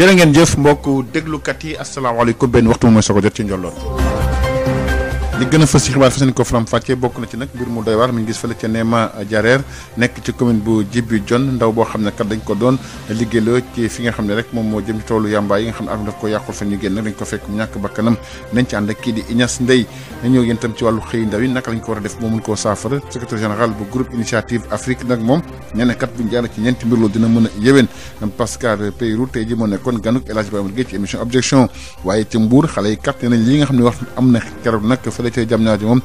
jërë ngeen jef mbokk déglukat yi asalaamaaleykum benn waxtu mu mooy soo ko jot ci njolloon li gën a fës ci xibaar fas yéene ko faram fàccee bokk na ci nag mbir mu doy waar mi ngi gis fële ca Néma Diarère nekk ci commune bu Djibi Dione ndaw boo xam ne kat dañ ko doon liggéeyloo ci fi nga xam ne rek moom moo jëm ci toolu yi nga xam ne a def moo mun moo nekkoon ganuk El Hadji Ibrahima Gueye ci émission objection waaye ci Mbour xale yi am na keroog nag fële collectivité Diamniadio moom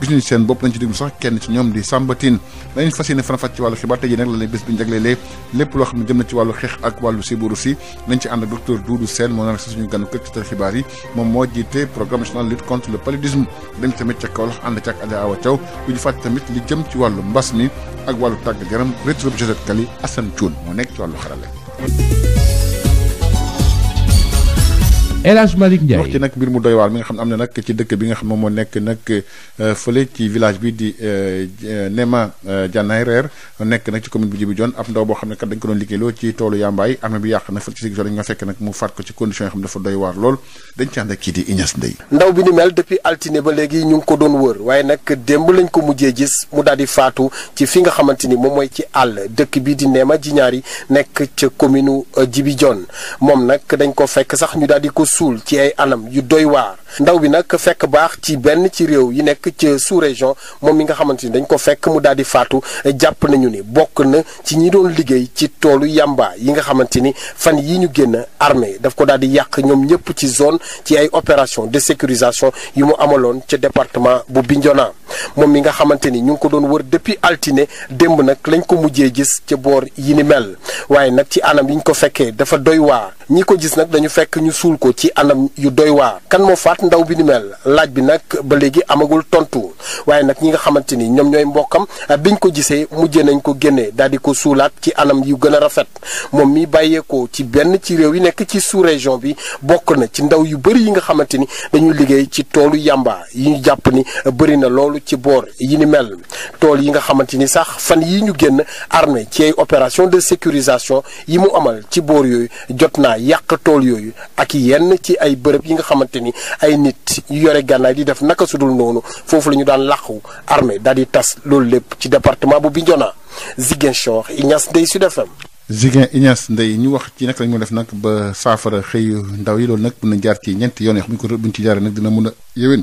gis ñu seen bopp nañ ci déglu sax kenn ci ñoom di Samba Tine fas fas yéene faram-fàcc ci wàllu xibaar tey jii nag la ne bés bi njaglelee lépp loo xam ne jëm na ci wàllu xeex ak wàllu sibiru si nañ ci ànd ak docteur Doudou Sène moo nar si suñu ganu kër ci tal xibaar yi moom moo jiite programme national lutte contre le paludisme dem tamit ca Kaolack ànd ca ak Adja Awa Thiaw bu tamit li jëm ci wàllu mbas mi ak wàllu tàggat yaram rétro Josette Kali Assane Thioune moo nekk ci wàllu El Hadj Malick am na nag ci dëkk bi nga xam euh, bi di euh, Nema euh, Dianay Reer ndaw bi na fa ci dañ nga fekk nag mu faat ko ci condition yoo xam ne dafa doy waar lool dañ ci ànd ak kii di Ignace ni mel depuis altine ba léegi ñu ngi ko doon wër waaye nag démb lañ ko mujjee gis mu daal di faatu ci fi nga xamante ni moom mooy ci àll dëkk bi di Nema Dianay nekk ca commune Djibi Dione moom nag dañ ko fekk sax ñu daal ko suul ci ay anam yu doy waar ndaw bi nag fekk baax ci benn ci réew yi nekk ci sous-région moom mi nga xamante ni dañ ko fekk mu daal di faatu jàpp nañu ni bokk na ci ñi doon liggéey ci toolu yamba yi nga xamante ni fan yi ñu génn armée daf ko daal di yàq ñoom ñëpp ci zone ci ay opération de sécurisation yu mu amaloon ca département bu Bignona moom mi nga xamante ni ñu ngi ko doon wër depuis altine démb nag lañ ko mujjee gis ca boor yi ni mel waaye nag ci anam yi ko fekkee dafa doy waar ñi ko gis nag dañu fekk suul ko ci anam yu doy waa kan moo faat ndaw bi ni mel laaj bi nag ba léegi amagul tontu waaye nag ñi nga xamante ni ñoom ñooy mbokkam biñ ko gisee mujjee nañ ko génnee daal di ko suulaat ci anam yu gën a rafet moom mi bàyyeekoo ci benn ci réew yi nekk ci sous région bi bokk na ci ndaw yu bëri yi nga xamante ni dañuy liggéey ci toolu yàmba yi ñu jàpp ni bari na loolu ci boor yi ni mel tool yi nga xamante ni sax fan yi ñu génn armée ci ay opération de sécurisation yi mu amal ci boor yooyu jot naa yàq tool yooyu yenn ci ay bërëb yi nga xamante ni ay nit yu yore gànnaay di def naka sudul noonu foofu la ñu daan làqu armée daal di tas loolu lépp ci département bu Bignona Ziguinchor Ignace Ndeye Sud FM Ziguin Ignace Ndeye ñu wax ci nag la moo def nag ba saafara xëy ndaw yi loolu nag mën na jaar ci ñeenti yoon yoo xam ne ko buñ ci jaaree nag dina mun a yéwén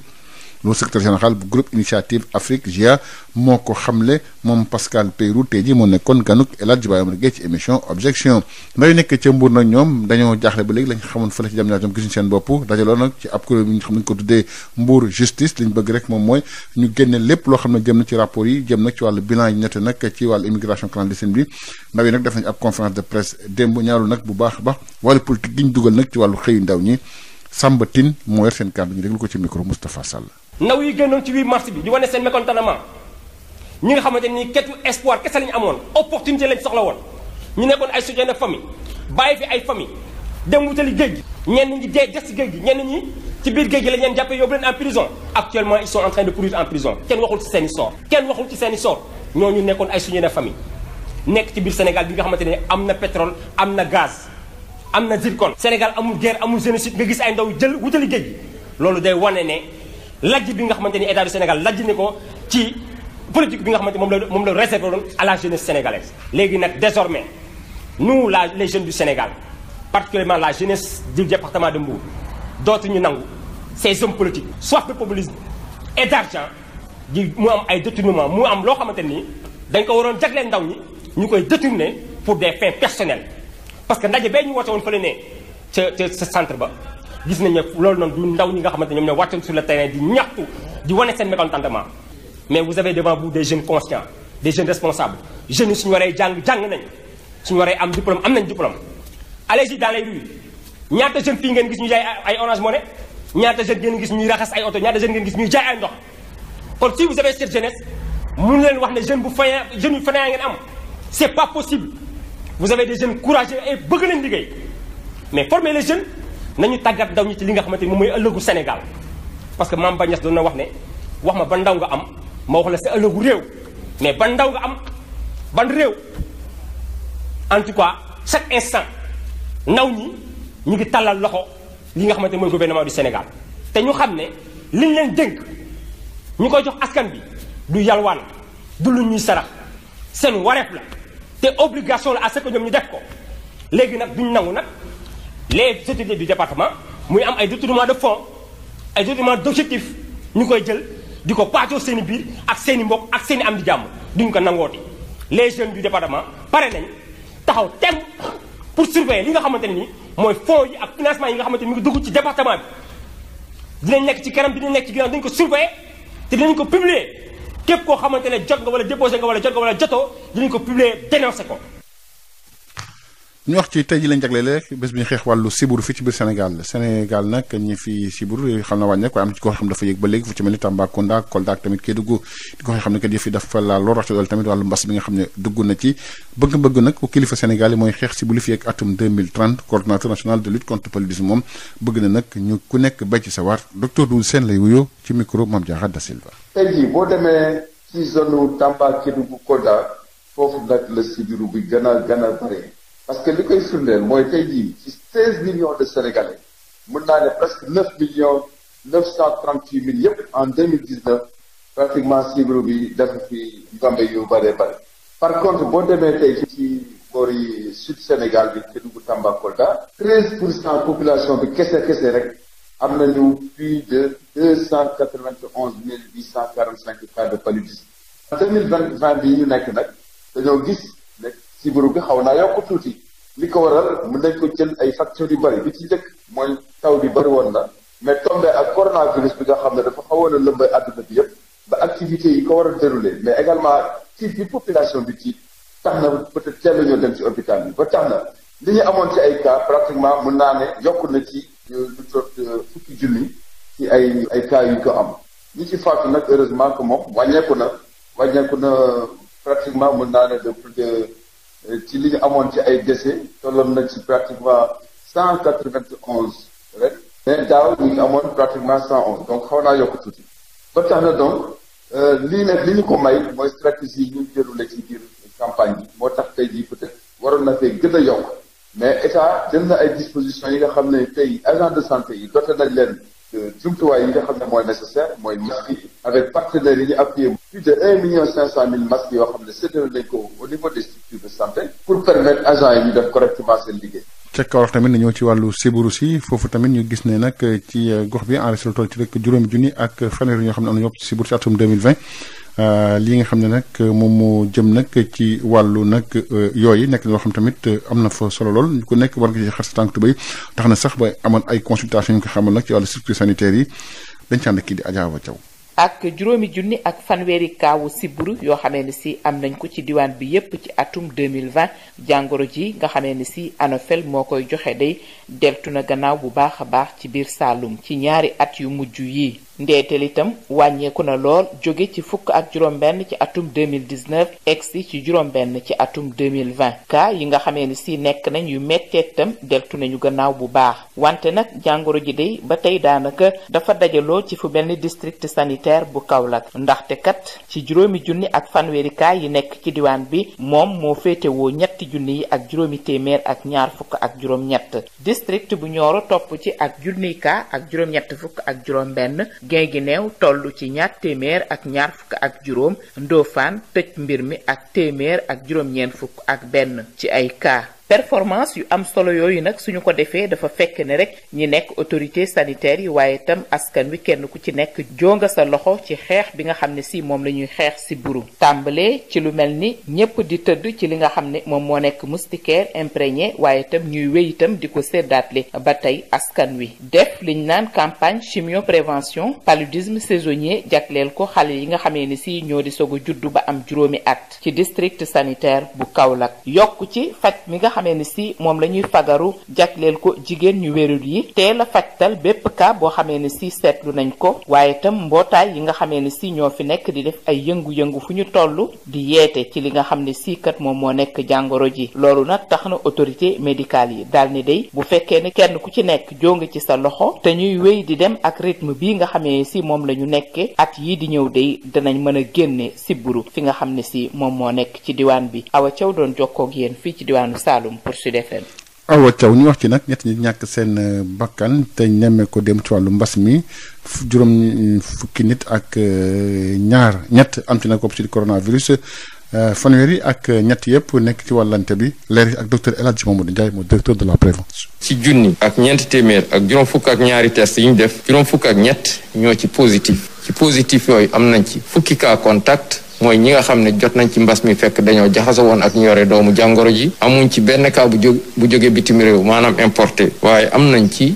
loolu secrétaire général bu groupe initiative Afrique GIA moo ko xamle moom Pascal Peyrou tey jii moo nekkoon ganuk El Hadj Baye Omar Gueye ci émission objection ndax yu nekk ca Mbour nag ñoom dañoo jaaxle ba léegi lañ xamoon fële ci jam ñaar ñoom gisuñu seen bopp dajaloo nag ci ab kuréel bi ñu xam justice liñ bëgg rek moom mooy ñu génne lépp loo xam ne jëm na ci rapport yi jëm nag ci wàll bilan yi ñette nag ci wàllu immigration clandestine bi ndaw yi nag def nañ ab conférence de presse bu baax a baax wàllu politique gi ñu nag ci wàllu xëyu ndaw ñi Samba Tine moo yor seen ko ci micro Moustapha Sall ndaw yi génnoon ci 8 mars bi di wane seen mécontentement ñi nga xamante ni kettu espoir kese lañu amoon opportunité lañ soxla woon ñu nekkoon ay soutien de famille bàyyi fi ay famille dem wutali géej gi ñenn ñi dee des ci géej gi ñenn ñi ci biir géej gi la ñeen jàppee yóbbu leen en prison actuellement ils sont en train de pourrir en prison kenn waxul ci seen i sort kenn waxul ci seen i sort ñooñu nekkoon ay soutien de nekk ci biir Sénégal bi nga xamante ne am na pétrole am na gaz am na zircon Sénégal amul guerre amul génocide nga gis ay ndaw jël wutali géej loolu day wane ne lajj bi nga xamante ni état du Sénégal lajj ni ko ci politique bi nga xamante moom la moom la réservé woon à la jeunesse sénégalaise. léegi nag désormais nous la les jeunes du Sénégal particulièrement la jeunesse du département de Mbour dootuñu nangu ces hommes politiques soif de populisme et d'argent di mu am ay détournement mu am loo xamante ni dañ ko waroon jagleel ndaw ñi ñu koy détourner pour des fins personnelles parce que ndaje bee ñu woote woon ne ca ca sa centre ba. gis nañ ne loolu noonu du ndaw ñi nga xamante ñoom ñoo wàccoon sur le terrain di ñaxtu di wane seen mécontentement mais vous avez devant vous des jeunes conscients des jeunes responsables jeunes yi suñu waree jàng jàng nañ suñu waree am diplôme am nañ diplôme allez-y dans les rues ñaata jeune fii ngeen gis ñu jaay ay Orange Money ñaata jeune ngeen gis ñuy raxas ay oto ñaata jeune ngeen gis ñuy jaay ay ndox kon si vous avez cette leen wax ne jeune bu faya jeune yu fanayaa ngeen am c'est pas possible vous avez des et bëgg nañ liggéey mais former les nañu tàggat ndaw ñi ci li nga xamante ni moom mooy ëllëgu Sénégal parce que Mame Baye Niass doon na wax ne wax ma ban ndaw nga am ma wax la sa ëllëgu réew mais ban ndaw nga am ban réew en tout cas chaque instant ndaw ñi ñu ngi tàllal loxo li nga xamante mooy gouvernement du Sénégal te ñu xam ne liñ leen dénk ñu koy jox askan bi du yalwaan du lu ñuy sarax seen wareef la te obligation la à ce ñoom ñu def ko léegi nag duñ nangu nag les autorités du département muy am ay détournement de fonds ay détournement d' objectif ñu koy jël di ko paacoo seen i biir ak seen i mbokk ak seeni i am di jàmm duñ ko nangooti les jeunes du département pare nañ taxaw tem pour surveiller li nga xamante ne nii mooy fonds yi ak financement yi nga xamante ni mu ngi dugg ci département bi dinañ nekk ci kanam dinañ nekk ci ginnaaw dañ ko surveiller te dinañ ko publier képp koo xamante ne jot nga wala déposé nga wala jot nga wala jotoo dinañ ko publier dénoncé ko ñu wax ci tey ji lañ jagleel rek bés bi ñu xeex wàllu siburu fii ci biir Sénégal Sénégal nag ñi fi siburu xam na wàññeek waaye am ci koo xam dafa yëg ba léegi fu ci mel ni Tambacounda Kolda ak ne kat yëf yi dafa la lor wax ci dool tamit wàllu mbas bi nga xam ne dugg na ci bëgg-bëgg nag ku kilifa Sénégal yi mooy xeex siburu na nag ku nekk bay ci sa waar docteur Doudou Sène lay wuyoo ci micro Mame Diarra Da Silva tey jii boo demee ci zone foofu nag la sibiru bi gën a bare parce que li koy firndeel mooy tey jii ci seize millions de sénégalais mën naa ne presque neuf millions neuf cent trente huit mille yëpp en deux mille dix neuf pratiquement sibiru bi dafa fi njombe yu bëree bëri par contre boo demee tey ci boori sud Sénégal bi Kédougou Tambacounda treize pour cent population bi kese kese rek am nañu plus de deux cent quatre vingt onze mille huit cent quarante cinq cas de paludisme en deux mille vingt vingt bi ñu nekk nag dañoo gis nekk ci groupe bi xaw naa yokk tuuti li ko waral mën nañ ko jël ay facteurs yu bëri bi ci njëkk mooy taw bi bëri woon na mais tombé ak coronavirus bi nga xam ne dafa xawoon a àdduna bi yëpp ba activités yi ko war a déroulé mais également ci bi population bi ci tax na peut-être teel ñoo dem ci hôpital bi ba tax na li ñu amoon ci ay cas pratiquement mën naa ne yokk na ci lu jot fukki ci ay ay yi yu ko am ñi ci faatu nag heureusement que moom wàññeeku na wàññeeku na pratiquement mën naa ne ci li ñu amoon ci ay décès tolloon na ci pratiquement cent quatre vingt onze ren mais daaw ñu amoon pratiquement cent onze donc xaw naa yokk tuuti ba tax na donc euh, lii nag li ñu ko may mooy stratégie yi ñu déroulé ci biir campagne bi moo tax tey jii peut waroon na fee gën a yokk mais état jël na ay dispositions yi nga xam ne tey agent de santé yi dote nañ leen Euh, jumtuwaay yi nga xam ne mooy nécessaire mooy masques yi avec partenaires yi ñu appuyé plus de un million cinq cent mille masques yoo xam ne séddale nañ ko au niveau des structures de pour permettre agents yi ñu def correctement seen liggéey ca Kaolack tamit na ñëw ci wàllu sibiru si foofu tamit ñu gis ne nag ci euh, gox bi enregistré tool ci rek juróomi junni ak fanweer ñoo xam ne am na ñopp ci si atum Euh, li nga xam ne nag moom moo jëm nag ci wàllu nag euh, yooyu nekk loo xam tamit euh, am na fa solo lool ku nekk war nga ci xar tax na sax ba amoon ay consultation yu ko xamal nag ci wàllu structure yi dañ ci ànd kii di Adja Awa Thiaw ak juróomi junni ak fanweeri kaawu sibbiru yoo xamee ni si am nañ ko ci diwaan bi yépp ci atum 2020 jàngoro ji nga xamee ni si anofel moo koy joxe day deltu na gannaaw bu baax a baax ci biir Saalum ci ñaari at yu mujj yi ndeeteel itam wàññeeku na lool jóge ci fukk ak juróom-benn ci atum 2019 egsi ci juróom-benn ci atum 2020 cas yi nga xamee ni sii nekk nañu yu méttee itam deltu nañu gannaaw bu baax wante nag jàngoro ji dey ba tey daanaka dafa dajaloo ci fu benn ni district sanitaire bu Kaolack ndaxte kat ci juróomi junni ak fanweeri cas yi nekk ci diwaan bi moom moo féetewoo ñetti junni yi ak juróomi ak ñaar fukk ak juróom-ñett district bu Nioro topp ci ak junni ak juróom-ñett fukk ak juróom-benn gi Guinguinéo tollu ci ñaar téeméer ak ñaar fukk ak juróom Ndofane tëj mbir mi ak téeméer ak juróom-ñeent fukk ak benn ci ay cas performance yu am solo yooyu nag suñu ko defee dafa fekk ne rek ñi nekk autorité sanitaire yi waaye tam askan wi kenn ku ci nekk jonga sa loxo ci xeex bi nga xam ne si moom la ñuy xeex si buru tàmbalee ci lu mel ni ñépp di tëdd ci li nga xam ne moom moo nekk moustiquaire imprégné waaye itam ñuy wéy itam di ko séddaatle ba tey askan wi def liñ naan campagne chimio prévention paludisme saisonnier jagleel ko xale yi nga xamee ni si ñoo di soog a juddu ba am juróomi at ci district sanitaire bu Kaolack xamee ni si moom la ñuy fagaru jagleel ko jigéen ñu wérul yi teel a fajtal bépp cas boo xamee ni si seetlu nañ ko waaye itam mbootaay yi nga xamee ni si ñoo fi nekk di def ay yëngu-yëngu fu ñu toll di yeete ci li nga xam ne si kat moom moo nekk jàngoro ji loolu nag tax na autorité médicale yi daal ni day bu fekkee ne kenn ku ci nekk jónge ci sa loxo te ñuy wéy di dem ak rythme bi nga xamee si moom la ñu nekke at yii di ñëw day danañ mën a génne sibburu fi nga xam ne si moom moo nekk ci diwaan bi awa caw doon jokkoog yéen fii Saloum pour Sud ñu wax ci nag ñett ñi ñàkk seen euh, bakkan te ñeme ko dem ci wàllu mbas mi juróom mm, fukki nit ak euh, ñaar ñett am ci nag ko ci coronavirus euh, fanweer yi ak ñett yëpp nekk ci wàllante bi leer yi ak docteur El Hadji Mamadou Ndiaye mooy directeur de la prévention. ci junni ak ñeenti téeméer ak juróom fukk ak ñaari test yi ñu def juróom fukk ak ñett ñoo ci positif ci positif yooyu am nañ ci fukki cas contact. mooy ñi nga xam ne jot nañ ci mbas mi fekk dañoo jaxaso woon ak ñore doomu jàngoro ji amuñ ci benn cas bu jóg bu jógee bitim réew maanaam importé waaye am nañ ci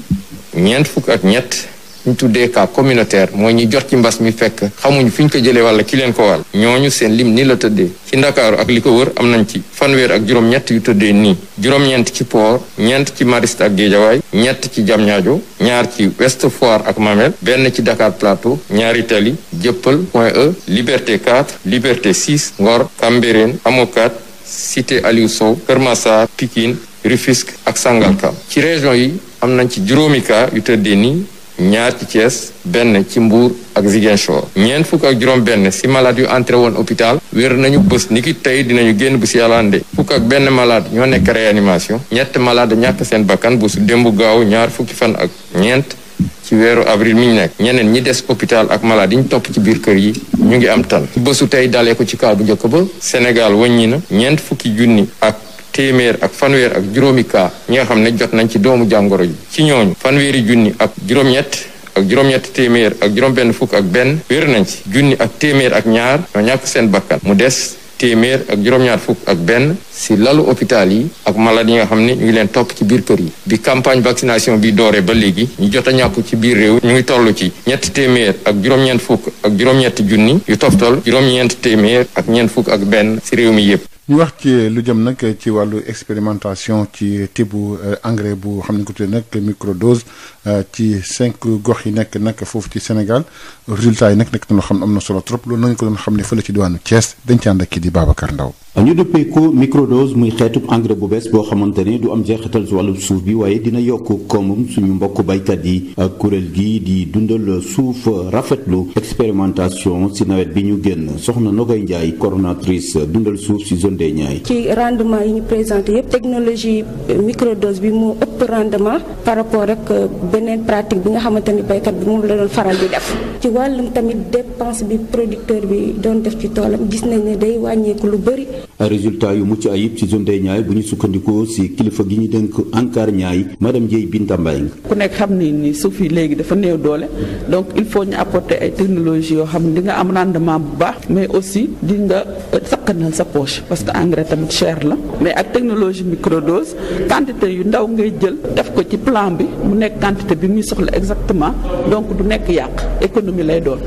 ñeent fukk ak ñett ñu tuddee cas communautaire mooy ñi jox ci mbas mi fekk xamuñu fi ñu ko jëlee wala ki leen ko ñoo ñu seen lim ni la tëddee ci ndakaaru ak li ko wër am nañ ci fanweer ak juróom-ñett yu tëddee nii juróom-ñeent ci port ñeent ci mariste ak géejawaay ñett ci jam jamñaajo ñaar ci Ouest Foire ak Mamel benn ci Dakar Plateau ñaari tali jëppal Point E Liberté 4 Liberté 6 Ngor Cambérène Amokat Cité Aliou Sow Kër Massar Pikine Rufisque ak Sangalkam ci région yi am nañ ci juróomi cas nii ñaar ci Thiès benn ci Mbour ak Ziguinchor ñeent fukk ak juróom benn si malade yu entré woon hôpital wér nañu bés ni ki tey dinañu génn bu si yàllaande fukk ak benn malade ñoo nekk réanimation ñett malade ñàkk seen bakkan bu su démb gaaw ñaar fukki fan ak ñeent ci weeru avril mi ñu nekk ñeneen ñi des hôpital ak malade yi ñu topp ci biir kër yi ñu ngi am tan bësu tey dalee ko ci kaw bu njëkk ba Sénégal wëññi na ñeent fukki junni ak téeméer ak fanweer ak juróomi kaa ñi xam ne jot nañ ci doomu jàngoro ji ci ñooñu fanweeri junni ak juróom-ñett ak juróom téeméer ak juróom-benn fukk ak benn wér nañ ci junni ak téeméer ak ñaar ñoo ñàkk seen bakkan mu des téeméer ak juróom-ñaar fukk ak benn si lalu hôpital yi ak malade yi nga xam ne ñu ngi leen topp ci biir kër yi bi campagne vaccination bi dooree ba léegi ñu jot a ci biir réew ñu ngi toll ci ñetti téeméer ak juróom-ñeent fukk ak juróom-ñetti junni yu toftal juróom-ñeent téeméer ak ñeent fukk ak benn si réew mi yépp ñu wax ci lu jëm nag ci wàllu expérimentation ci tibb euh, engrais bu xam ne ko tuddee nag microdose euh, ci cinq gox yi nekk nag foofu ci Sénégal résultat yi nag nekk na loo xam ne am na solo trop loolu nañu ko doon xam ne fële ci diwaanu cees dañ ci ànd ak di Babacar Ndaw ñu duppee ko microdose muy xeetu engrais bu bees boo xamante ne du am jeexital si wàllu suuf bi waaye dina yokk koomum suñu mbokk baykat yi ak kuréel gi di dundal suuf rafetlu expérimentation si nawet bi ñu génn soxna Nogoy Ndiaye coordonnatrice dundal suuf si zone des Niayes. ci rendement yi ñu présenté yëpp technologie microdose bi moo ëpp rendement par rapport ak beneen pratique bi nga xamante ni baykat bi moom la doon faral di def. ci wàllum tamit dépense bi producteur bi doon ci toolam gis nañ ne day wàññeeku lu bëri. résultat yu mucc ayib ci zone des Niayes bu ñu sukkandikoo ci kilifa gi ñu dénk ANCAR Niayes madame Ndiaye Binta Mbaye ku nekk xam ni ni suuf yi léegi dafa néew doole donc il faut ñu apporter ay technologies yoo xam ne di nga am rendement bu baax mais aussi di nga sakkanal sa poche parce que engrais tamit cher la mais ak technologie microdose quantité yu ndaw ngay jël def ko ci plan bi mu nekk quantité bi muy soxla exactement donc du nekk yàq économie lay doon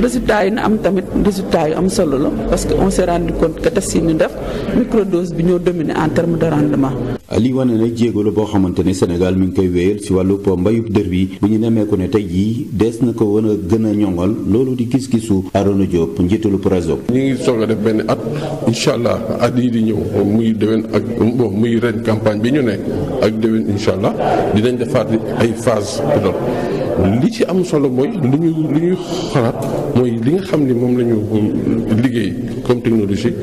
résultat yi yu am solo la def microdose bi ñoo dominer en terme de rendement. li wane na jéego boo xamante ni Sénégal mi ngi koy wéyal si wàllu mbayub dër bi bu ñu nemmeeku ne tey jii des na ko war a gën a ñoŋal loolu di gis-gisu Arona Diop njiitalu Proso. ñu ngi soog def benn at incha allah at yii di ñëw muy déwén ak bon muy ren campagne bi ñu ne ak déwén incha allah dinañ defaat ay phase pilote. li ci am solo mooy li ñuy li ñuy xalaat nga xam ni moom lañu ñu liggéey comme technologie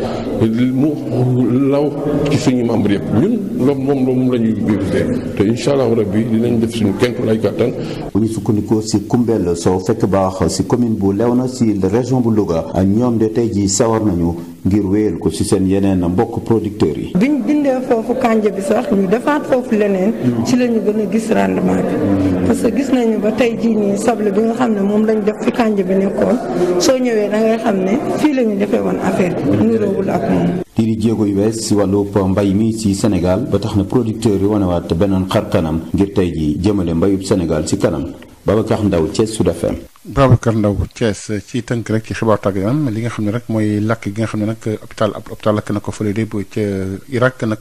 mu law ci suñu membre yëpp ñun loolu moom moom la ñuy visé te incha allah rabbi nañu def suñu kenn lay kàttan. bu ñu sukkandikoo si Koumbel soo fekk baax si commune bu na si région bu Louga ñoom de tey jii sawar nañu ngir wéyal ko si seen yeneen mbokk producteurs yi. yokk kànja bi sax ñu defaat foofu leneen ci la gën a gis rendement bi parce que gis nañu ba tey jii nii sable bi nga xam ne moom lañ def fi kànja bi nekkoon soo ñëwee da xam ne fii la defee woon affaire bi niroowul ak moom lii di jéego yu bees si wàllu mbay mi si Sénégal ba tax na producteur yi wanewaat beneen xar kanam ngir tey ji jëmale mbayub Sénégal si kanam Babacar Ndaw Thiès su FM. Babacar Ndaw Thiès ci tënk rek ci xibaar tàggat yaram li nga xam ne rek mooy lakk gi nga xam ne nag hôpital ab hôpital lakk na ko fële de ca Irak nag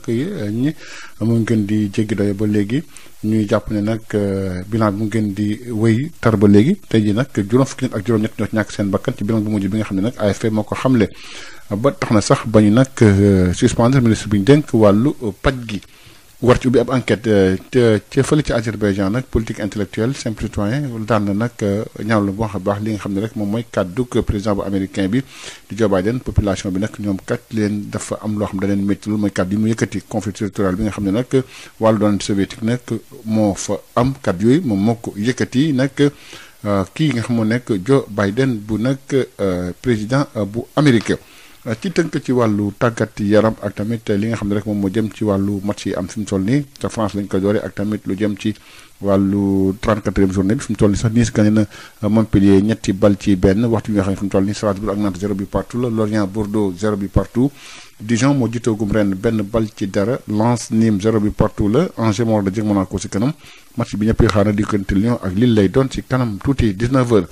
ñi mu ngi gën di jéggi doy ba léegi ñuy jàpp ne nag euh, bilan bi mu gën di wéy tar ba léegi tey jii nag juróom fukki nit ak juróom-ñett ñoo ñàkk seen bakkan ci bilan mu mujj bi nga xam ne nag AFP moo ko xamle ba tax na sax ba ñu nag euh, suspendre ministre bi ñu dénk wàllu euh, paj gi. war ci ubbi ab enquête euh, ca fële ci Azerbaïdjan nag politique intellectuelle simple citoyen daan na nag euh, ñaawlu bu baax a baax li nga xam ne rek moom mooy kàddu président bu américain bi di Joe Biden population bi nag ñoom kat leen dafa am loo xam da leen métti loolu mooy kàddu yi mu yëkkati conflit territorial bi nga xam ne nag wàllu doon soviétique nag moo fa am kàddu yooyu moom mook ko yëkkati nag euh, kii nga xam moo nekk Joe Biden bu nag président bu Amérique. Euh, ci tënk ci wàllu tàggat yaram ak tamit li nga xam ne rek moom moo jëm ci wàllu match yi am fi mu toll nii ca France lañ ko doore ak tamit lu jëm ci wàllu 34e journée bi fi mu toll nii sax Nice gagné na euh, ñetti bal ci benn waxtu bi xam ne fi mu toll nii Strasbourg ak Nantes zéro bi partout la Lorient Bordeaux zéro bi partout Dijon moo jitoogum ren benn bal ci dara Lens Nîmes zéro bi partout la Angers moo war a jëg Monaco si kanam match bi ñëpp xaar na diggante Lyon ak Lille lay doon si kanam tuuti 19 heures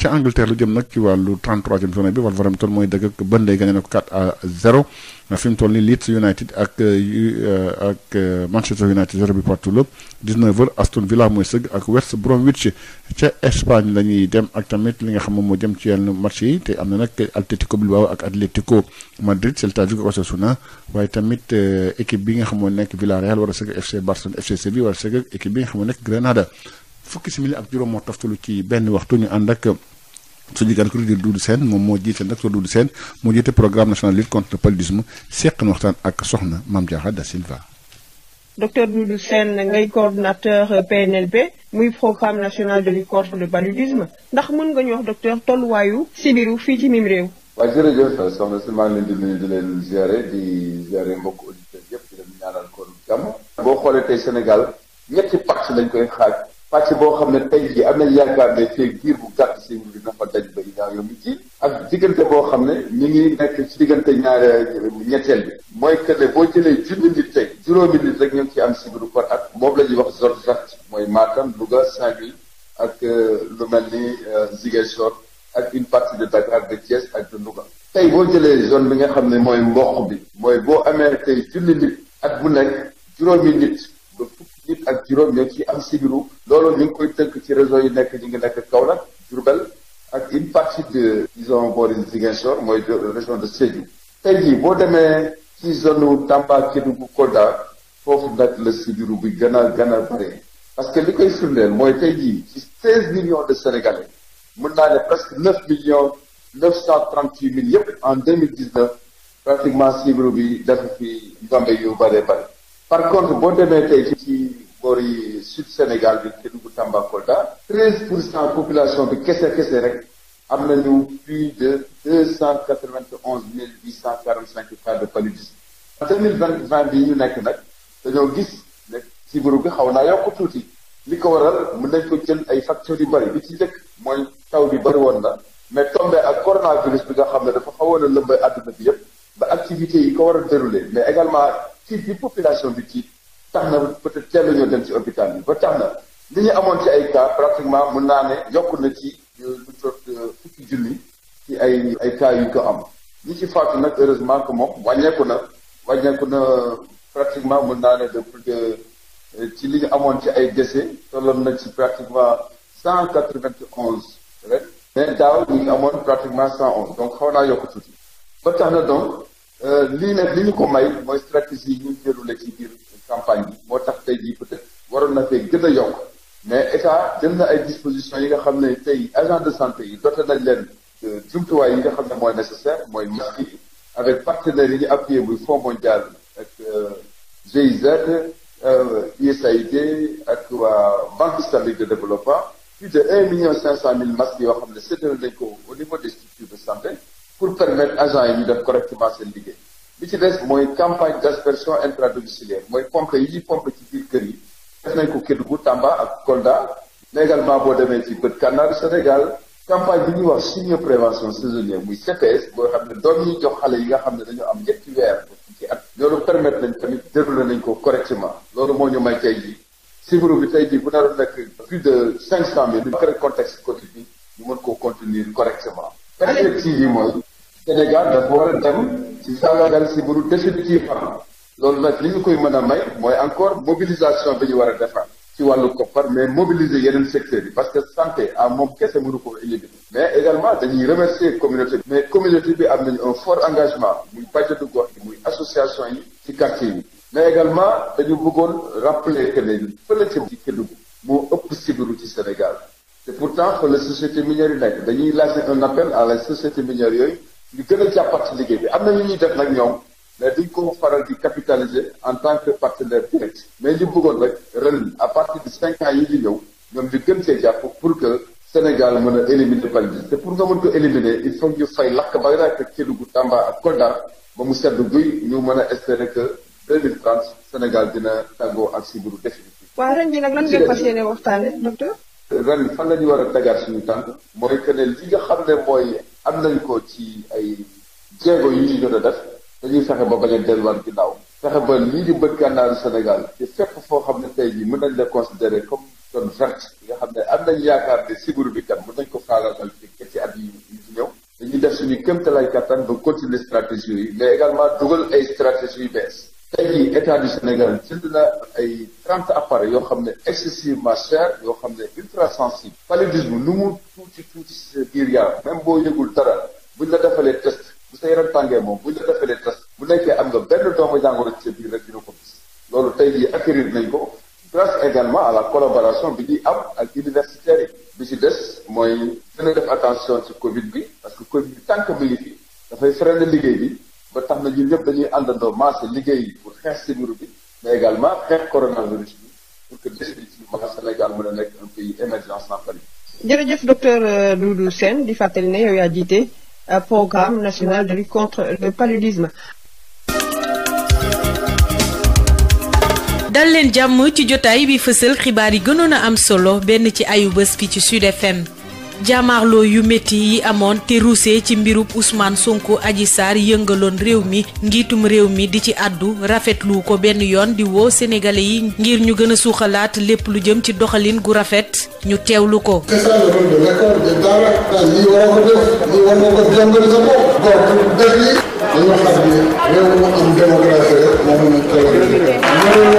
ca Angleterre lu jëm nag ci wàllu 33e journée bi Wolverhampton mooy dëgg ak Burnley gagné na ko 4 à 0 fi mu toll nii Leeds United ak euh, ak euh, Manchester United zéro bi partout la 19h Aston Villa mooy sëgg ak West Bromwich ca Espagne la ñuy dem ak tamit li nga xam moom moo jëm ci yenn match yi te am na nag Atlético Bilbao ak Atlético Madrid Celta Vigo Osasuna waaye tamit euh, équipe bi nga xam moo nekk Villarreal war a sëgg FC Barcelone FC Séville war a sëgg équipe bi nga xam ak juróom moo toftalu ci benn waxtu ñu ànd ak. suñu gàllankoor di Doudou Sène moom moo jiite nag soo Doudou Sène moo jiite programme national lutte contre le paludisme seq waxtaan ak soxna Mame Diarra Da Silva. docteur Doudou Sène ngay coordonnateur PNLP muy programme national de lutte contre le paludisme ndax mën nga ñu wax docteur tolluwaayu sibiru fii ci mim réew. waaw di di leen ziare di mbokk auditeurs yëpp di leen ñaanal kóor jàmm. boo xoolee tey Sénégal ñetti pàcc lañ koy xaaj. pàcc boo xam ne tey jii am nañ yaakaar ne fii biir bu gàtt si nguur gi na fa daj ba ilaa yomb ci ak diggante boo xam ne ñu ngi nekk ci diggante ñaare ñetteel bi mooy que boo jëlee junni nit tey juróomi nit rek ñoo ngi ci am si bi kon ak moom la ñuy wax zone verte mooy Matam Louga Saint-Louis ak euh, lu mel ni euh, Ziguinchor ak une partie de Dakar de Thiès ak de Louga tey boo jëlee zone bi nga xam ne mooy mboq bi mooy boo amee tey junni nit at bu nekk juróomi fukki ak ci am sibiru loolu ñu ngi koy tënk ci réseau yi nekk ñu ngi nekk Kaolack Diourbel ak une partie de disons boori Ziguinchor mooy région de Sédhiou tey jii boo demee ci zone Tamba Kédougou Kolda foofu nag la sibiru bi gën a gën a bare parce que li koy firndeel mooy tey jii ci seize millions de sénégalais mën naa ne presque neuf millions neuf cent trente-huit mille yëpp en deux mille dix-neuf pratiquement sibiru bi dafa fi ndombe yu bare bare par contre boo demee tey ci ci boor yi sud Sénégal bi Kédougou Tambacounda treize pour cent population bi kese kese rek am nañu plus de deux cent quatre vingt onze mille huit cent quarante cinq cas de paludisme deux mille ñu nekk nag dañoo gis ne sibiru bi xaw naa yokk tuuti li ko waral mën nañ ko jël ay facteurs yu bëri bi ci njëkk mooy taw bi bëri woon na mais tombé ak coronavirus bi nga xam ne dafa xawoon a lëmbay àdduna bi yëpp ba activités yi ko war a mais également tiit bi population bi tiit tax na peut-être teel la ñoo dem ci li ñu amoon ci ay cas mun naa ne na ci lu jot fukki junni ay ay cas yu ko am ñi ci faatu nag heureusement que moom wàññeeku wàññeeku na pratiquement mun naa ne de plus de ci li amoon ci ay décès tolloon na ci pratiquement cent quatre-vingt-onze ren mais daaw ñu amoon pratiquement cent onze donc xaw naa yokk tuuti ba tax na donc Euh, lii nag li ñu ko may mooy stratégie yi ñu jëlule ci biir campagne bi moo tax tey jii peut-être waroon na fee gën a yokk mais état jël na ay dispositions yi nga xam ne tey agent de santé yi doté nañ leen jumtuwaay yi nga xam ne mooy nécessaire mooy masque yi avec partenaires yi ñu appuyé muy Fonds mondial ak euh, GIZ euh, ak waa Banque islamique de développement plus de un million cinq cent mille masques yoo xam ne séddale nañ ko au niveau des structures de santé pour permettre agent yi ñu def correctement seen liggéey li ci des mooy campagne d' aspersion intradomiciliaire mooy pompe yi ñuy pompe ci biir kër yi def nañ ko Kédougou Tamba ak Kolda mais également boo demee ci bët kànnaaru Sénégal campagne bi ñuy wax chimio prévention saisonnière muy CPS boo xam ne doom yi jox xale yi nga xam ne dañu am ñetti weer ci at loolu permettre nañ tamit déroulé nañ ko correctement loolu moo ñu may tey jii chiffre bi tey jii bu naroon nekk plus de cinq cent mille. bu fekkee contexte Covid bi ñu mën koo contenir correctement. perspective Sénégal dafa war a dem ci sawagal si buru définitivement loolu nag li ñu koy mën a may mooy encore mobilisation bi ñu war a defar ci wàllu koppar mais mobiliser yeneen secteurs yi parce que santé à moom kese mënu ko éliminer mais également dañuy remercier communauté bi mais communauté bi am nañu un fort engagement muy bàjjatu gox bi muy association yi ci quartier yi mais également dañu bëggoon rappeler que ne fële ci Kédougou moo ëpp sibiru ci Sénégal te pourtant fa la société la société yooyu ñu gën a jàppat liggéey bi am na lu ñuy def nag ñoom mais duñ ko faral di capitaliser en tant que partenaire direct mais li bëggoon rek ren à partir de cinq ans yi di ñëw ñoom ñu gën see jàpp pour que Sénégal mën a éliminer bal bi te pour nga mën ko éliminer il faut ñu fay lakk ba rek Kédougou Tamba ak Kolda ba mu sedd guy ñu mën a espérer que 2030 Sénégal dina tàggoo ak sibiru définitif. waaw ren jii nag lan ngeen fas yéene waxtaane ren fan la ñu war a tegaat suñu tànk mooy que ne li nga xam ne mooy am nañ ko ci ay jéego yu ñu jot def dañuy fexe ba bañ a delluwaat ginnaaw fexe ba lii di bët gànnaaru Sénégal te fépp foo xam ne tey jii mën nañ la considérer comme zone verte nga xam ne am nañ yaakaar ne sibiru bi kat mën nañ ko faagaagal ci ci at yi ci ñëw dañuy def suñu kéemtalaay kattan ba continuer stratégie yi mais également dugal ay stratégie yu bees tey jii état du Sénégal jënd na ay trente appareils yoo xam ne excessivement cher yoo xam ne ultra sensible paludisme lu mu tuuti tuuti si sa biir yaram même boo yëgul dara buñ la defalee test bu sa yaram tàngee moom buñ la defalee test bu nekkee am nga benn doomu jàngoro ci biir rek dina ko gis loolu tey jii acquérir nañ ko grâce également à la collaboration bi ñuy am ak universitaires yi bi ci des mooy gën a def attention ci Covid bi parce que Covid bi tant que dafay freiner liggéey bi ba tax a nekk un pays émergence sans jërëjëf docteur euh, Doudou di fàttali ne jiite euh, programme national leen jàmm ci jotaay bi fësal xibaar yi gënoon a am solo benn ci ayu bés ci Sud FM. jaamaarloo yu metti yi amoon te ruusee ci mbirub Ousmane Sonko Adji Sarr yëngaloon réew mi ngiitum réew mi di ci àddu rafetlu ko benn yoon di woo sénégalais yi ngir ñu gëna a suuxalaat lépp lu jëm ci doxalin gu rafet ñu teewlu ko.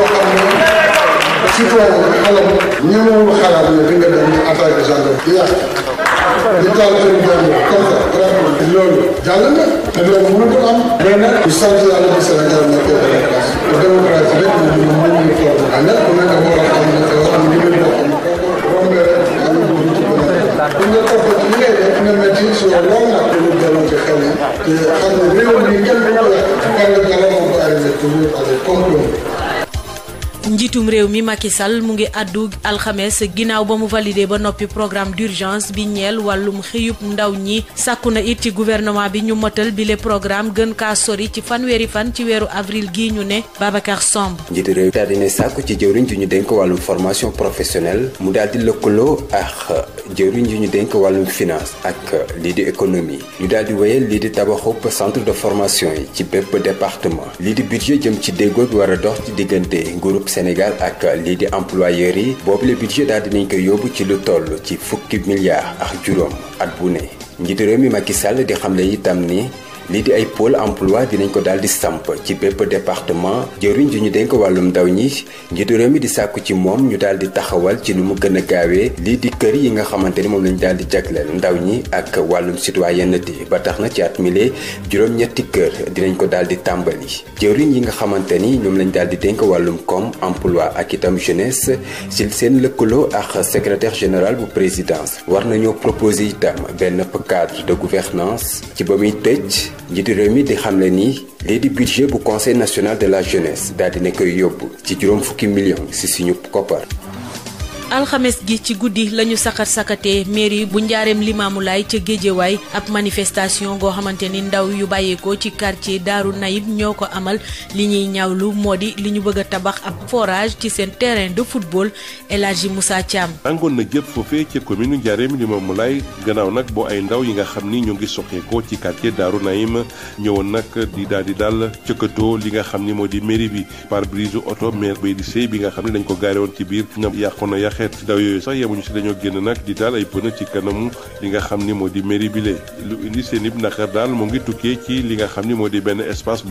ko surtout xalam ñëwul xalaat ne di nga dem attaqué gendarme di yàq ñu taal seen jàng comme ça vraiment loolu jàll na te loolu mënu ko am a a xam am boobu ci ko nekk bu nga topp ci li ngay def nga métti sur lool nag dañu delloo ci xel yi te xam ne réew mi kenn du ko yàq xam nga dara moo ko njiitum réew mi Macky Sall mu ngi àddu alxames ginnaaw ba mu validé ba noppi programme d'urgence bi ñeel wàllum xëyub ndaw ñi sàkku na it ci gouvernement bi ñu motal bile programme gën kaa sori ci fanweeri fan ci weeru avril gii ñu ne Babacar Somb. njiitu réew daal dina sàkku ci jëwriñ ji ñu dénk wàllum formation professionnelle mu daal di lëkkaloo ak jëwriñ ji ñu dénk wàllum finance ak lii di économie ñu daal di wéyal lii di tabaxub centre de formation yi ci bépp département lii di budget jëm ci déggoo war a dox diggante groupe Sénégal ak lii di employeurs yi boobu le budget daal dinañ koy yóbbu ci lu toll ci fukki milliards ak juróom at bu ne njiitu réew mi Macky Sall di xamle itam ni lii di ay pôle emploi dinañ ko daal di samp ci bépp département jëriñ ju ñu dénk wàllum ndaw ñi njiitu réew mi di sàkku ci moom ñu daal di taxawal ci nu mu gën a gaawee lii di kër yi nga xamante ni moom lañ daal di jagleel ndaw ñi ak wàllum citoyenneté ba tax na ci at mile juróom-ñetti kër dinañ ko daal di tàmbali jëriñ yi nga xamante ni ñoom lañ daal di dénk wàllum koom emploi ak itam jeunesse si seen lëkkaloo ak secretaire général bu présidence war nañoo proposer itam benn cadre de gouvernance ci ba muy tëj njiitu réew mi di xamle ni lii di budget bu conseil national de la jeunesse daal dina koy yóbbu ci juróom fukki million si suñu koppar. alxames gi ci guddi la ñu sakat sakatee mairie bu njaareem limaamulaay ca géejewaay ab manifestation goo xamante ni ndaw yu bàyyeekoo ci quartier Daaru Nayib ñoo ko amal li ñuy ñaawlu moo di li ñu bëgg a tabax ab forage ci seen terrain de football El Hadji Moussa Thiam. tàngoon na gépp foofee ca commune njaareem limaamulaay gannaaw nag boo ay ndaw yi nga xam ni ñu ngi soxeekoo ci quartier Daaru Nayib ñëwoon nag di daal di daal cëkkatoo li nga xam ni moo di mairie bi pare-brise oto maire di sëy bi nga xam ne dañ ko gaare woon ci biir ñoom yàqoon na yàq xeetu daw yooyu sax yemuñu si dañoo génn nag di li nga xam moo di mairie bi lee lu xam ni moo di benn espace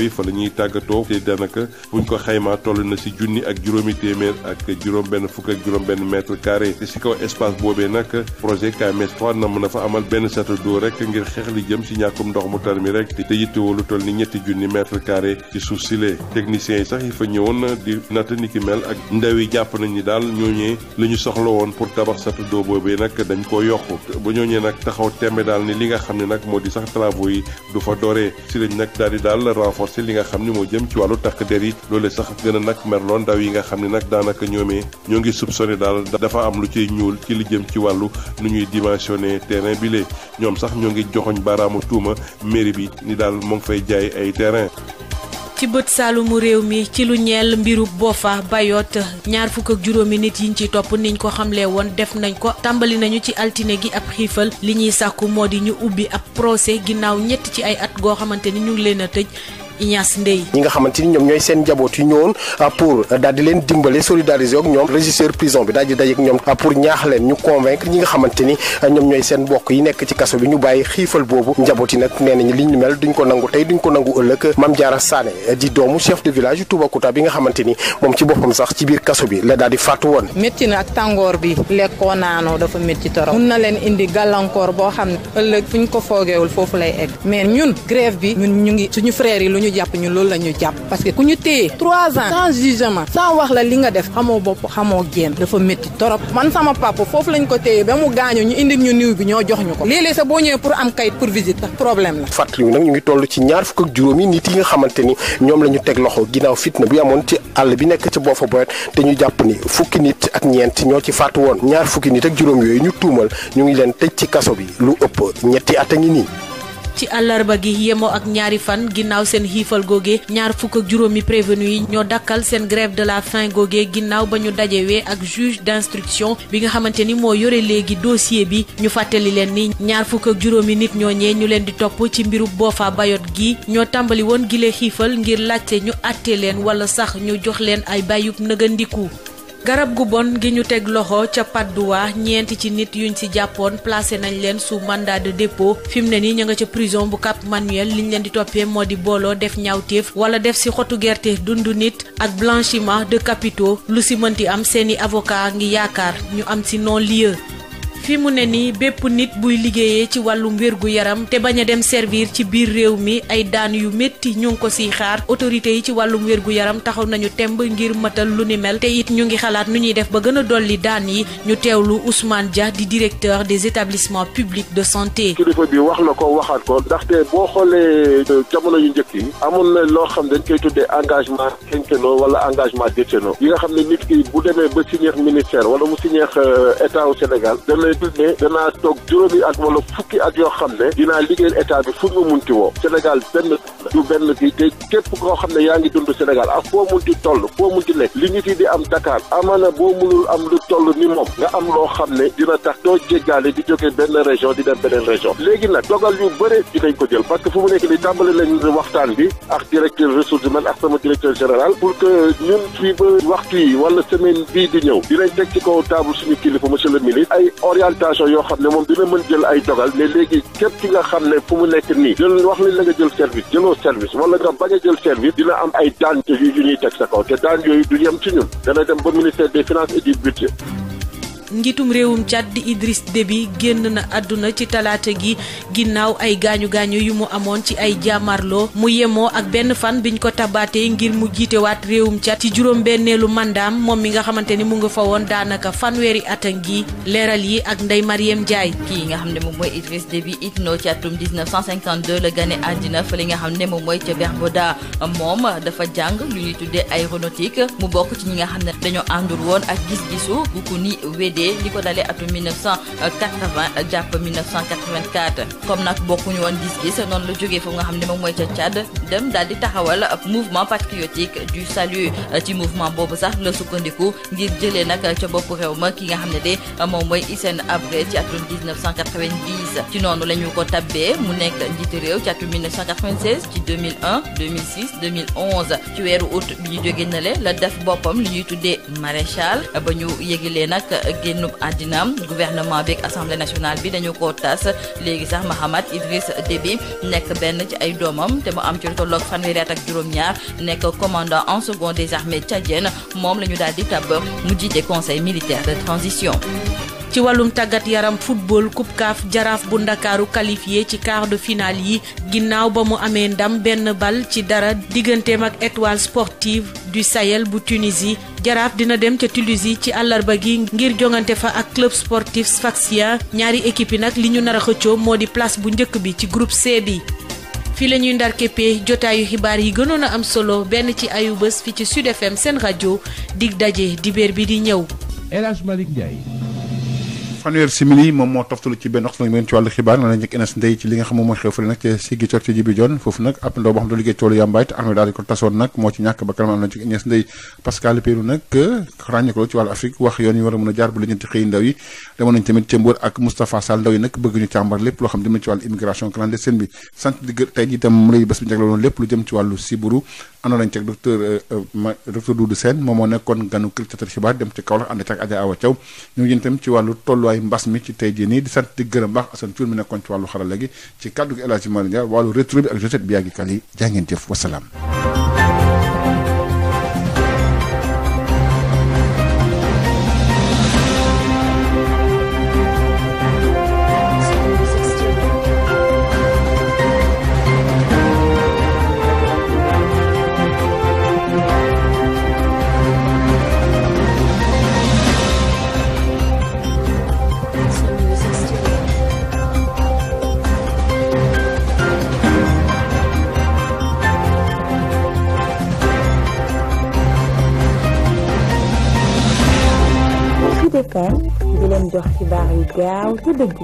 yi fa la ñuy tàggatoo te daanaka buñ ko xaymaa toll na si junni ak juróomi téeméer ak juróom-benn fukk ak juróom-benn mètre carré te si kaw espace boobee nag projet KMS 3 na mën a fa amal benn château d'eau rek ngir xeex li jëm si ñàkkum ndox mu tar mi rek te yittewoo lu toll ni ñetti junni mètre carré ci suuf si lee techniciens yi sax yi fa ñëwoon di natt ni ki mel ak ndaw jàpp nañ ni daal ñooñee li ñu soxla woon pour tabax château d'eau boobee nag dañ ko yokk ba ñooñee nag taxaw tembe daal ni li nga xam ne nag moo di sax travaux yi du fa doree si lañ nag daal di daal renforcer li nga xam ni moo jëm ci wàllu takk der yi loole sax gën a nag merloon ndaw yi nga xam ne nag daanaka ñoomee ñoo ngi soupçonné daal dafa am lu ciy ñuul ci li jëm ci wàllu nu ñuy dimensionné terrain bi ñoom sax ñoo ngi joxoñ baaraamu tuuma mairie bi ni daal moo ngi fay jaay ay terrain ci bët saalumu réew mi ci lu ñeel mbiru Boffa Bayotte ñaar fukk ak juróomi nit yiñ ci topp niñ ko xamle woon def nañ ko tàmbali nañu ci altine gi ab xiifal li ñuy sàkku moo di ñu ubbi ab procès ginnaaw ñett ci ay at goo xamante ni ñu ngi leen a tëj Ignace Ndeye ñi nga xamante ni ñoom ñooy seen njaboot yi ñëwoon ah, pour ah, daal leen dimbale solidariser ak ñoom régisseur prison bi daal di daje ak ñoom ah, pour ñaax leen ñu convaincre ñi nga xamante ni ñoom ñooy seen mbokk yi nekk ci kaso bi ñu bàyyi xiifal boobu njaboot yi nag nee li ñu mel duñ ko nangu tey duñ ko nangu ëllëg Mame Diarra Sané di doomu chef de village Toubacouta bi nga xamante moom ci boppam sax ci biir kaso bi la daal di fàttu woon métti na ak ñu jàpp loolu la ñu jàpp parce que ku ñu téye trois ans sans jugement sans wax la li nga def xamoo bopp xamoo génn dafa metti torop man sama papa foofu lañ ko téye ba mu gaañu ñu indi ñu niw bi ñoo jox ñu ko léeg-léeg boo ñëwee pour am kayit pour visite sax problème la fàttaliwu nag ñu ngi toll ci ñaar fukk ak juróomi nit yi nga xamante ni ñoom la ñu teg loxo ginnaaw fitna bi amoon ci àll bi nekk boo Boffa Bayotte te ñu jàpp ni fukki nit ak ñeent ñoo ci faatu woon ñaar fukki nit ak juróom yooyu ñu tuumal ñu ngi leen tëj ci kaso bi lu ëpp ñetti at a ngi nii ci àllarba gi yemo ak ñaari fan ginnaaw seen xiifal googe ñaar fukk ak juróomi prévenu yi ñoo dakkal seen grève de la faim googe ginnaaw ba ñu dajewee ak juge d'instruction bi nga xamante ni moo yore léegi dossier bi ñu fàttali leen ni ñaar fukk ak juróomi nit ñooñee ñu leen di topp ci mbiru Boffa Bayotte gi ñoo tàmbali woon gile xiifal ngir laajte ñu àtte leen wala sax ñu jox leen ay bàyyub nëgandiku garab gu bon gi ñu teg loxo ca Padoua ñeenti ci nit yu ñu ci jàppoon placé nañ leen su mandat de dépôt fi mu ne nii ña nga ca prison bu Cap Manuel liñ leen di toppee moo di booloo def ñaw ñaawteef wala def ci xotu gerte dundu nit ak blanchiment de capitaux lu ci mënti am seeni avocat ngi yaakaar ñu am ci non lieu fi mu ne nii bépp nit buy liggéeyee ci wàllum wérgu yaram te bañ a dem servir ci biir réew mi ay daan yu métti ñu ngi ko siy xaar autorité yi ci wàllum wérgu yaram taxaw nañu temb ngir matal lu ni mel te it ñu ngi xalaat nu ñuy def ba gën a dolli daan yi ñu teewlu Ousmane Dia di directeur des établissements publics de santé. kilifa bi wax la ko waxaat ko ndaxte boo xoolee euh, jamono yu njëkk yi amoon na loo xam dañ koy tuddee engagement quinquennal wala engagement décennal yi xam ne nit ki bu wala mu signer euh, état au yëgal ne danaa toog juróomi ak wala fukki ak yoo xam ne dinaa liggéeyal état bi fu mu munti woo Sénégal benn du benn kii te képp koo xam ne yaa ngi dund Sénégal ak foo munti toll foo munti nekk li ñu yi di am Dakar amaana boo munul am lu toll ni moom nga am loo xam ne dina tax doo jéggaale di jóge benn région di dem beneen région léegi nag dogal yu bëre dinañ ko jël parce que fu mu nekk ni tàmbali nañ waxtaan bi ak directeur ressources humaines ak sama directeur général pour que ñun fii wala semaine bii di ñëw dinañ teg ci kaw table suñu kilifa monsieur le ministre ay incantation yoo xam ne moom dina mën jël ay dogal ne léegi képp ki nga xam ne fu mu nekk nii jël wax nañ la nga jël service jëloo service wala nga bañ a jël service dina am ay daan yu ñuy teg sa kaw te daan yooyu du yem ci ñun dana dem ba ministère des finances et du budget njiitum réewum Tchad di Idriss Déby génn na àdduna ci talaata gi ginnaaw ay gaañu gaañu yu mu amoon ci ay jaamarloo mu yemoo ak benn fan bi biñ ko tabaatee ngir mu jiitewaat réewum Tchad ci juróom-benneelu mandaam moom mi nga xamante ni mu nga fa woon daanaka fanweeri at a leeral yi ak Ndeye Marieme Ndiaye. kii nga xam ne moom mooy Idriss Déby it noo ci atum 1952 la gane àddina fa li nga xam ne moom mooy ca Bermuda moom dafa jàng lu ñuy tuddee aéronautique mu bokk ci ñi nga xam ne dañoo àndul woon ak dee li ko dalee atum 1980 jàpp comme nag bokkuñu woon gis-gis noonu la jógee foofu nga xam ne moom mooy ca Tchad dem daal di taxawal ab mouvement patriotique du salut ci mouvement boobu sax la sukkandiku ngir jëlee nag ca bopp réew ma ki nga xam ne de moom mooy Hissène Habré ci atum ci noonu la ko tabbee mu nekk njiitu réew ci atum 1996 ci 2001 2006 2011 ci weeru août bi ñu jógee nale la def boppam li ñuy tuddee maréchal ba ñu yëgalee nag génnub àddinaam gouvernement bi ak assemblée nationale bi dañu ko tas léegi sax ma Mahamat Idriss Déby nekk benn ci ay doomam te mu am ci lu tolloog fanweeri at ak juróom-ñaar nekk commandant en second des armées tchadiennes moom la ñu daal di tabb mu jiite conseil militaire de transition. ci wàllum tàggat yaram football coupe jaraaf bu ndakaaru qualifié ci quart de finale yi ginnaaw ba mu amee ndam benn bal ci dara digganteem ak étoile sportive du Sahel bu Tunisie jaraaf dina dem ca Tunisie ci àllarba gi ngir jongante fa ak club sportif Sfaxien ñaari équipe yi nag li ñu nar a xëccoo moo di place bu njëkk bi ci groupe C bi. fii la ñuy ndar képpee jotaayu xibaar yi gënoon a am solo benn ci ayu bés fi ci Sud FM seen rajo dig daje dibéer bi di ñëw. El Hadj Malick fanweer simili moom moo toftalu ci benn waxtu nag meen ci wàllu xibaar na la njëkk Enes Ndeye ci li nga xam xew fële nag ci Ziguinchor ci Djibi foofu nag ab ndaw boo xam ne liggéey toolu yàmbaay ci wàllu Afrique wax yoon yi war a mën a jaar bu lijjanti xëy ndaw yi demoon nañ tamit ca ak Moustapha Sall ndaw yi nag bëgg ñu lépp loo xam dem na ci wàllu immigration clandestine bi sant di tey ji itam mu lay bés bi njaglewoon lépp lu na nañ ci ak docteur euh, euh, du Doudou Sène moom moo nekkoon ganu culture xibaar dem ci Kaolack ànd ci ak Adja Awa Thiaw ñu ngi yéen itam ci wàllu tolluwaay mbas mi ci tey jii nii di sant di gërëm baax asan Thioune mi nekkoon ci wàllu xarala gi ci kàddu gi El Hadj Malick Ndiaye wàllu rétro bi ak Josette Biagi Kali jaa jëf wasalaam jox xibaar yu gaaw te dëgg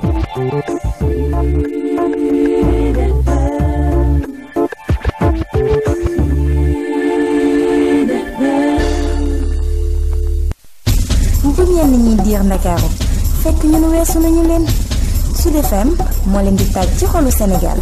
bu diir ndakaaru fekk ñun weesu nañu leen Sud moo leen di tàj ci xolu Sénégal